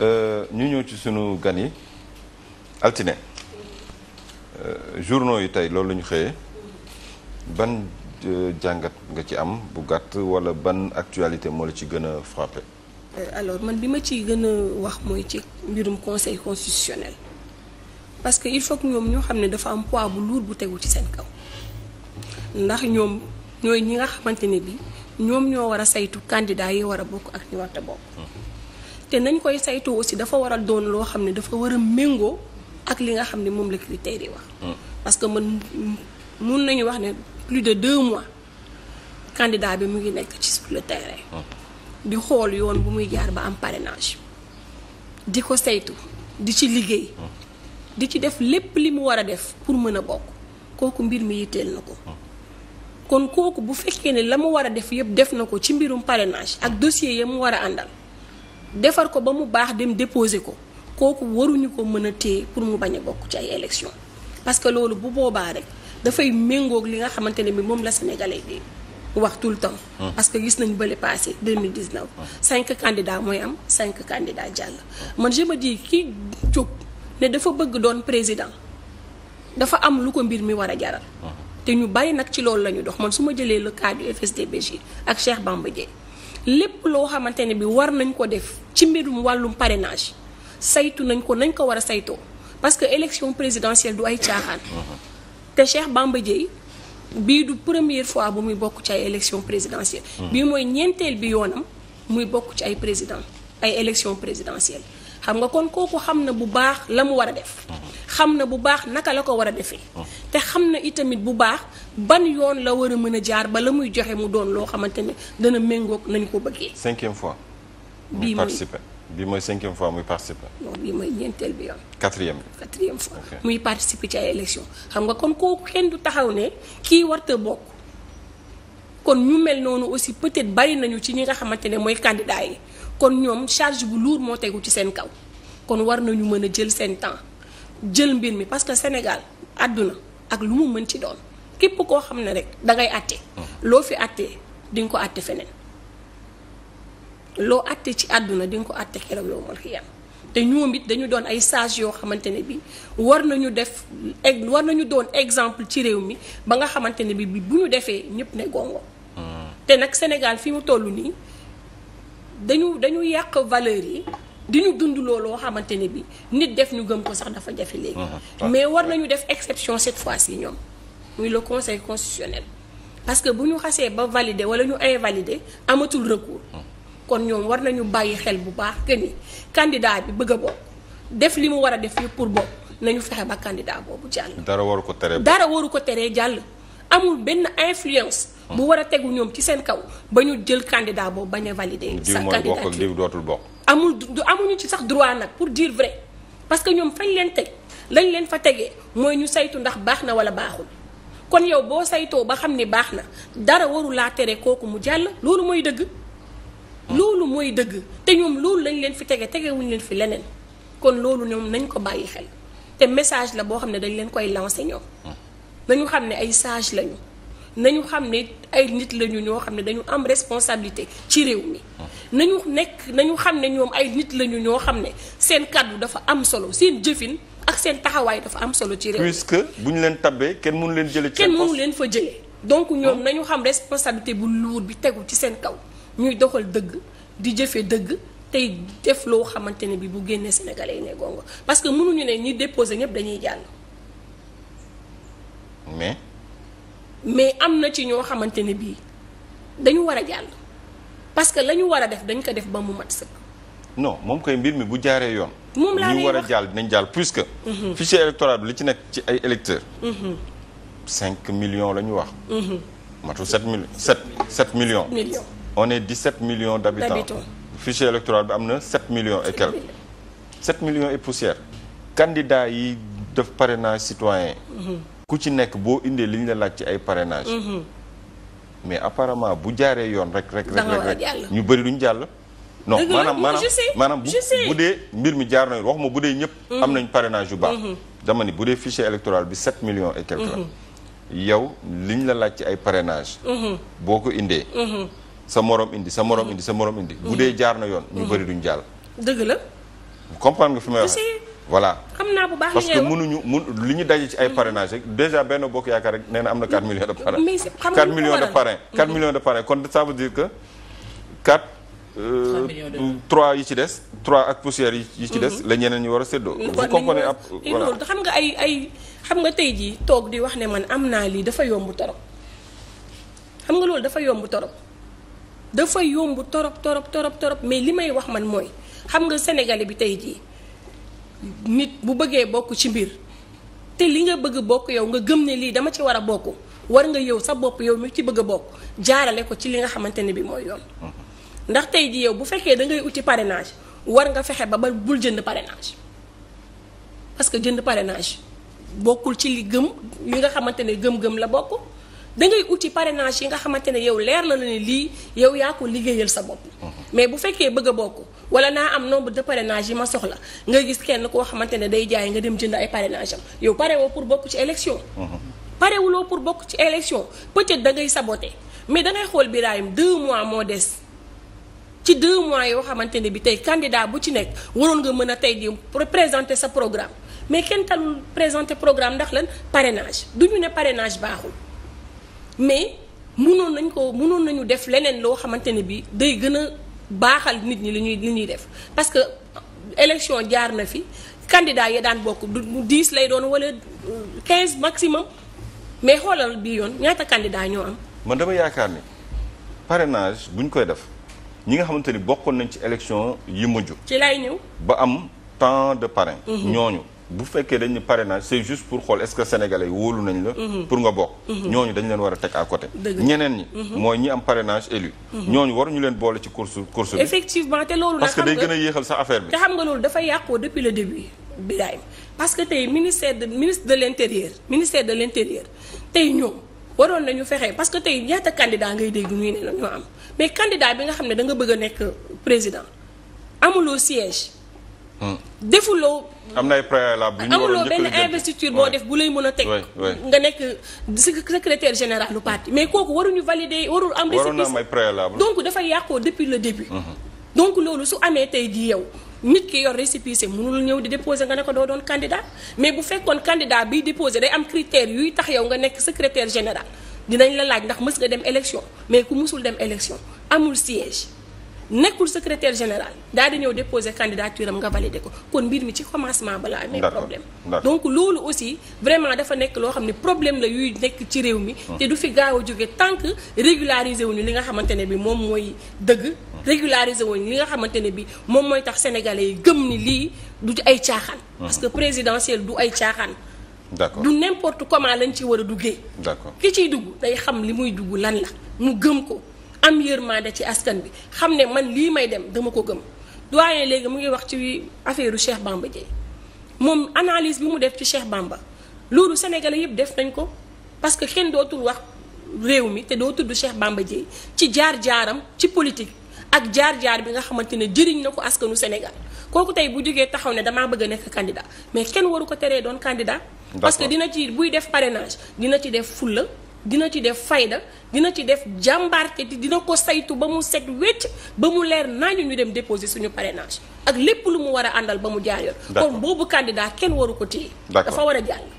Euh, ñu ñëw ci sunu gan yi altine euh, journaux yu tey loolu la ñu xëyee ban euh, jàngat nga ci am bu gàtt wala ban actualité moo la ci gën a frappé. alors man bi ma ciy gën a wax mooy ci mbirum conseil constitutionnel parce que il faut ñoom ñoo xam ne dafa am poids bu lourd bu tegu ci seen kaw ndax ñoom ñooy ñi nga xamante ne bi ñoom ñoo war a saytu candidat yi war a bokk ak ñi warta te nañ koy saytoo aussi dafa war a doon loo xam ne dafa war a méngoo ak li nga xam ne moom la critères yi wax. Hmm. parce que man mun nañu wax ne plus de deux mois candidat bi mu ngi nekk ci sur le terrain. Hmm. di xool yoon bu muy jaar ba am parrainage. di ko saytu di ci liggéey. Hmm. di ci def lépp li mu war a def pour mën a bokk kooku mbir mi yitteel na ko. kon kooku bu fekkee ne la mu war a def yëpp def na ko ci mbirum parrainage ak dossier ya mu war a àndal. defar ko ba mu baax dem déposer ko kooku waruñu ko mën a téye pour mu bañ a bokk ci ay élection parce que loolu bu boobaa rek dafay méngoog li nga xamante ne bi moom la sénégalais di wax tout temps. parce que gis nañu bële passé 2019. cinq candidats mooy am cinq candidats jàll. man je me dis ki jóg ne dafa bëgg doon président dafa am lu ko mbir mi war a jaral. te ñu bari nag ci loolu la ñu dox man su ma jëlee le cas du ak Cheikh Bamba Dièye lépp loo xamante ne bi war nañ ko def ci mbirum wàllum parrainage saytu nañ ko nañ ko war a saytoo parce que élection présidentielle du ay caaxaan. te Cheikh Bamba Dièye bii du première fois bu muy bokk ci ay élection présidentielle. Hmm. bii mooy ñeenteel bi yoonam muy bokk ci ay président ay élection présidentielle xam nga kon kooku xam na bu baax la mu war a def. Hmm. xam na bu baax naka la ko war a defee. Hmm. te xam na itamit bu baax. ban yoon la war a mën a jaar ba la muy joxe mu doon loo xamante ne dana méngook nañ ko bëggee. cinquième fois. bii mooy bii mooy cinquième fois muy participer. non bii mooy bi yoon. quatrième muy participer ci ay élection xam nga kon kooku kenn du taxaw ne kii warta bokk kon ñu mel noonu aussi peut-être bari nañu ci ñi nga xamante ne mooy candidat yi kon ñoom charge bu luur moo tegu ci seen kaw kon war nañu mën a jël seen temps jël mbir mi parce que Sénégal àdduna ak lu mu mën ci doon. képp koo xam ne rek da ngay àtte mm-hmm. loo fi àtte di ko àtte feneen loo àtte ci àdduna di ko àtte keroog yow mal xiyam te ñoom it dañu doon ay sage yoo xamante ne bi war nañu def war nañu doon exemple ci réew mi ba nga xamante ne bi bu ñu defee ñëpp ne gongo mm-hmm. te nag Sénégal fi mu toll nii dañu dañu yàq valeur yi di ñu dund looloo xamante ne bi nit def ñu gëm ko sax dafa jafe léegi mm-hmm. mais war nañu def exception cette fois yi ñoom muy le conseil constitutionnel parce que bu ñu xasee ba valider wala ñu invalider amatul recours ah. kon ñoom war nañu bàyyi xel bu baax que ni candidat bi bëgg a bokk def li mu war a def yëpp pour bokk nañu fexe ba candidat boobu jàll. dara waru ko teree waru ko teree jàll amul benn influence. Ah. bu war a tegu ñoom ci seen kaw ba ñu jël candidat boobu bañ a valider. sa candidat ak diw dootul bokk. amul du amuñu ci sax droit nag pour dire vrai parce que ñoom fañ leen teg lañ leen fa tegee mooy ñu saytu ndax baax na wala baaxul. kon yow boo saytoo ba xam ni baax na dara waru tere kooku mu jàll loolu mooy dëgg. loolu mooy dëgg te ñoom loolu lañ leen fi tege tegewuñ leen fi leneen kon loolu ñoom nañ ko bàyyi xel te message la boo xam ne dañ leen koy lancé ñoom. nañu xam ne ay sage lañu nañu xam ne ay nit lañu ñoo xam ne dañu am responsabilité ci réew mi. nañu nekk nañu xam ne ñoom ay nit lañu ñoo xam ne seen kàddu dafa am solo seen jëfin. ak seen taxawaay dafa am solo ci réew puisque bu ñu leen tabbee kenn mënu leen jëlee. ci kenn mënu leen fa jëlee. donc ñoom nañu xam responsabilité bu lourd bi tegul ci seen kaw ñuy doxal dëgg di jëfee dëgg tey def loo xamante ne bi bu génnee Sénégalais yi ne gongo parce que mënuñu ne ñi déposé ñëpp dañuy jàll. mais. mais am na ci ñoo xamante ne bii dañu war a jàll parce que la ñu war a def dañ ko def ba mu mat sëkk. non moom koy mbir mi bu jaaree yoon. moom laa lay wax war a jàll dinañ jàll plus que. Mhm. fichier électoral bi lu ci nekk ci ay électeurs. Mhm. cinq millions la ñu wax. Mhm. matul 7 millions 7 7 millions. one on est 17 millions d' habitants. fichier électoral bi am na 7 millions et quelques. 7 millions et poussière. candidats yi def parrainage citoyen. ku ci nekk boo indee li ñu la laaj ci ay parrainage mais apparemment bu jaaree yoon rek rek rek rek ñu bëri duñ jàll. non maanaam maanaam bu dee mbir mi jaar na nañu waxuma bu dee ñëpp mhm. am nañ parrainage yu baax mhm. dama bu dee fichier électoral bi 7 millions et quelque la mhm. yow liñ la laaj ci ay parrainage boo ko indee sa morom indi sa morom indi sa morom indi bu dee jaar na yoon ñu bëri duñ jàll dëgg la comprendre nga fi may wax voilà xam naa bu baax parce que mënuñu mun li ñu daje ci ay parrainage rek déjà benn bokk yaakaar rek nee na am na 4 millions de parrain 4 millions de parrain 4 millions de parrain kon ça que 4 Euh, trois yi ci des trois ak poussière yi ci des mhm. la ñeneen ñu war a séddoo vous comprenez ab voilà xam nga ay ay xam nga tey jii toog di wax ne man am naa lii dafa yomb torop xam nga loolu dafa yomb torop dafa yomb torop torop torop torop mais li may wax man mooy xam nga sénégalais bi tey jii nit bu bëggee bokk ci mbir te li nga bëgg bokk yow nga gëm ne lii dama ci war a bokk war nga yow sa bopp yow mi ci bëgg a bokk jaarale ko ci li nga xamante ne bi mooy yoon mm. ndax tey ji yow bu fekkee da ngay uti parrainage war nga fexe ba ba bul jënd parrainage parce que jënd parrainage bokkul ci li gëm li nga xamante ne gëm-gëm la bokk dangay uti parrainage yi nga xamante ne yow leer na la ne lii yow yaa ko liggéeyal sa bopp. Mhm. mais bu fekkee bëgg a bokk wala naa am nombre de parrainage yi ma soxla nga gis kenn koo xamante ne day jaay nga dem jënd ay parrainage am yow pare pour bokk ci élection. Mhm. parewuloo pour bokk ci élection peut da ngay saboter mais da ngay xool Birahim deux mois moo des. ci deux mois yoo xamante ne bi tey candidat bu ci nekk waroon nga mën a tey di présenter sa programme mais kenn talul présenter programme ndax lan parrainage du ñu ne parrainage baaxul mais mënoon nañ ko munoon nañu def leneen loo xamante ne bi day gën a baaxal nit ñi li ñuy li def parce que élection jaar na fi candidat yi daan bokk du 10 lay doon wala 15 euh, maximum mais xoolal bii yoon ñaata candidat ñoo am. man yaakaar ni parrainage buñ koy def. ñi nga xamante ni bokkoon nañ ci élection yi mujj. ci lay ñëw. ba am tant de parrain. Mhm. ñooñu bu fekkee dañ ne parrainage c'est juste pour xool est-ce que sénégalais woolu wóolu nañ la. Mhm. pour nga bokk. Mhm. ñooñu dañ leen war a teg à côté. ñeneen ñi. mooy ñi am parrainage élu. ñooñu waruñu leen boole ci course course bi. effectivement te loolu nag xam nga que day gën a yéexal sa affaire bi. te xam nga loolu dafa yàqoo depuis le début. bilaay parce que tey ministère de ministre de l'intérieur ministère de l'intérieur tey ñoom. waroon nañu fexe parce que tey ñaata candidat ngay dégg ñuy ne ñoo am mais candidat bi nga xam ne danga bëgg a nekk président amuloo siège. Hmm. defuloo. am na ay préalable yu ñu war benn investiture boo def bu lay mën a teg. nga nekk secrétaire général du parti mais kooku waruñu valider warul am. waroon na am ay préalable donc dafa yàqoo depuis le début. Hmm. donc loolu su amee tey jii yow. nit ki yor récépissé mënul ñëw di déposer nga ne ko doo doon candidat mais bu fekkoon candidat biy déposer day am critère yuy tax yow nga nekk secrétaire général dinañ la laaj ndax mës nga dem élection mais ku mësul dem élection amul siège nekkul secrétaire général daal di ñëw déposer candidature am nga valider ko kon mbir mi ci commencement balaa amee problème donc loolu aussi vraiment dafa nekk loo xam ne problème la yuy nekk ci réew mi hmm. te du fi gaaw a jóge tant que régulariser wuñu li nga xamante ne bi moom mooy dëgg hmm. régulariser wuñu li nga xamante ne bi moom mooy tax sénégalais yi gëm ni lii du ay caaxaan hmm. parce que présidentiel du ay caaxaan d'accord du n'importe comment lañ ci war a duggee d'accord ki ciy dugg day xam li muy dugg lan la mu gëm ko am yërmande ci askan bi xam ne man lii may dem dama ko gëm doyen léegi mu ngi wax ci affaire u Cheikh Bamba Dièye moom analise bi mu def ci Cheikh Bamba loolu sénégalais yëpp def nañ ko parce que kenn dootul wax réew mi te doo tudd Cheikh Bamba Dièye ci jaar-jaaram ci politique ak jaar-jaar bi nga xamante ne jëriñ na ko askanu Sénégal kooku tey bu jógee taxaw ne damaa bëgg a nekk candidat mais kenn waru ko teree doon candidat parce que dina ci buy def parrainage dina ci def fulla dina ci def fayda dina ci def jàmbaarte te dina ko saytu ba mu set wecc ba mu leer nañu ñu dem déposer suñu parrainage ak lépp lu mu war a àndal ba mu jaar yoon kon boobu candidat kenn waru ko téye dafa war a jàll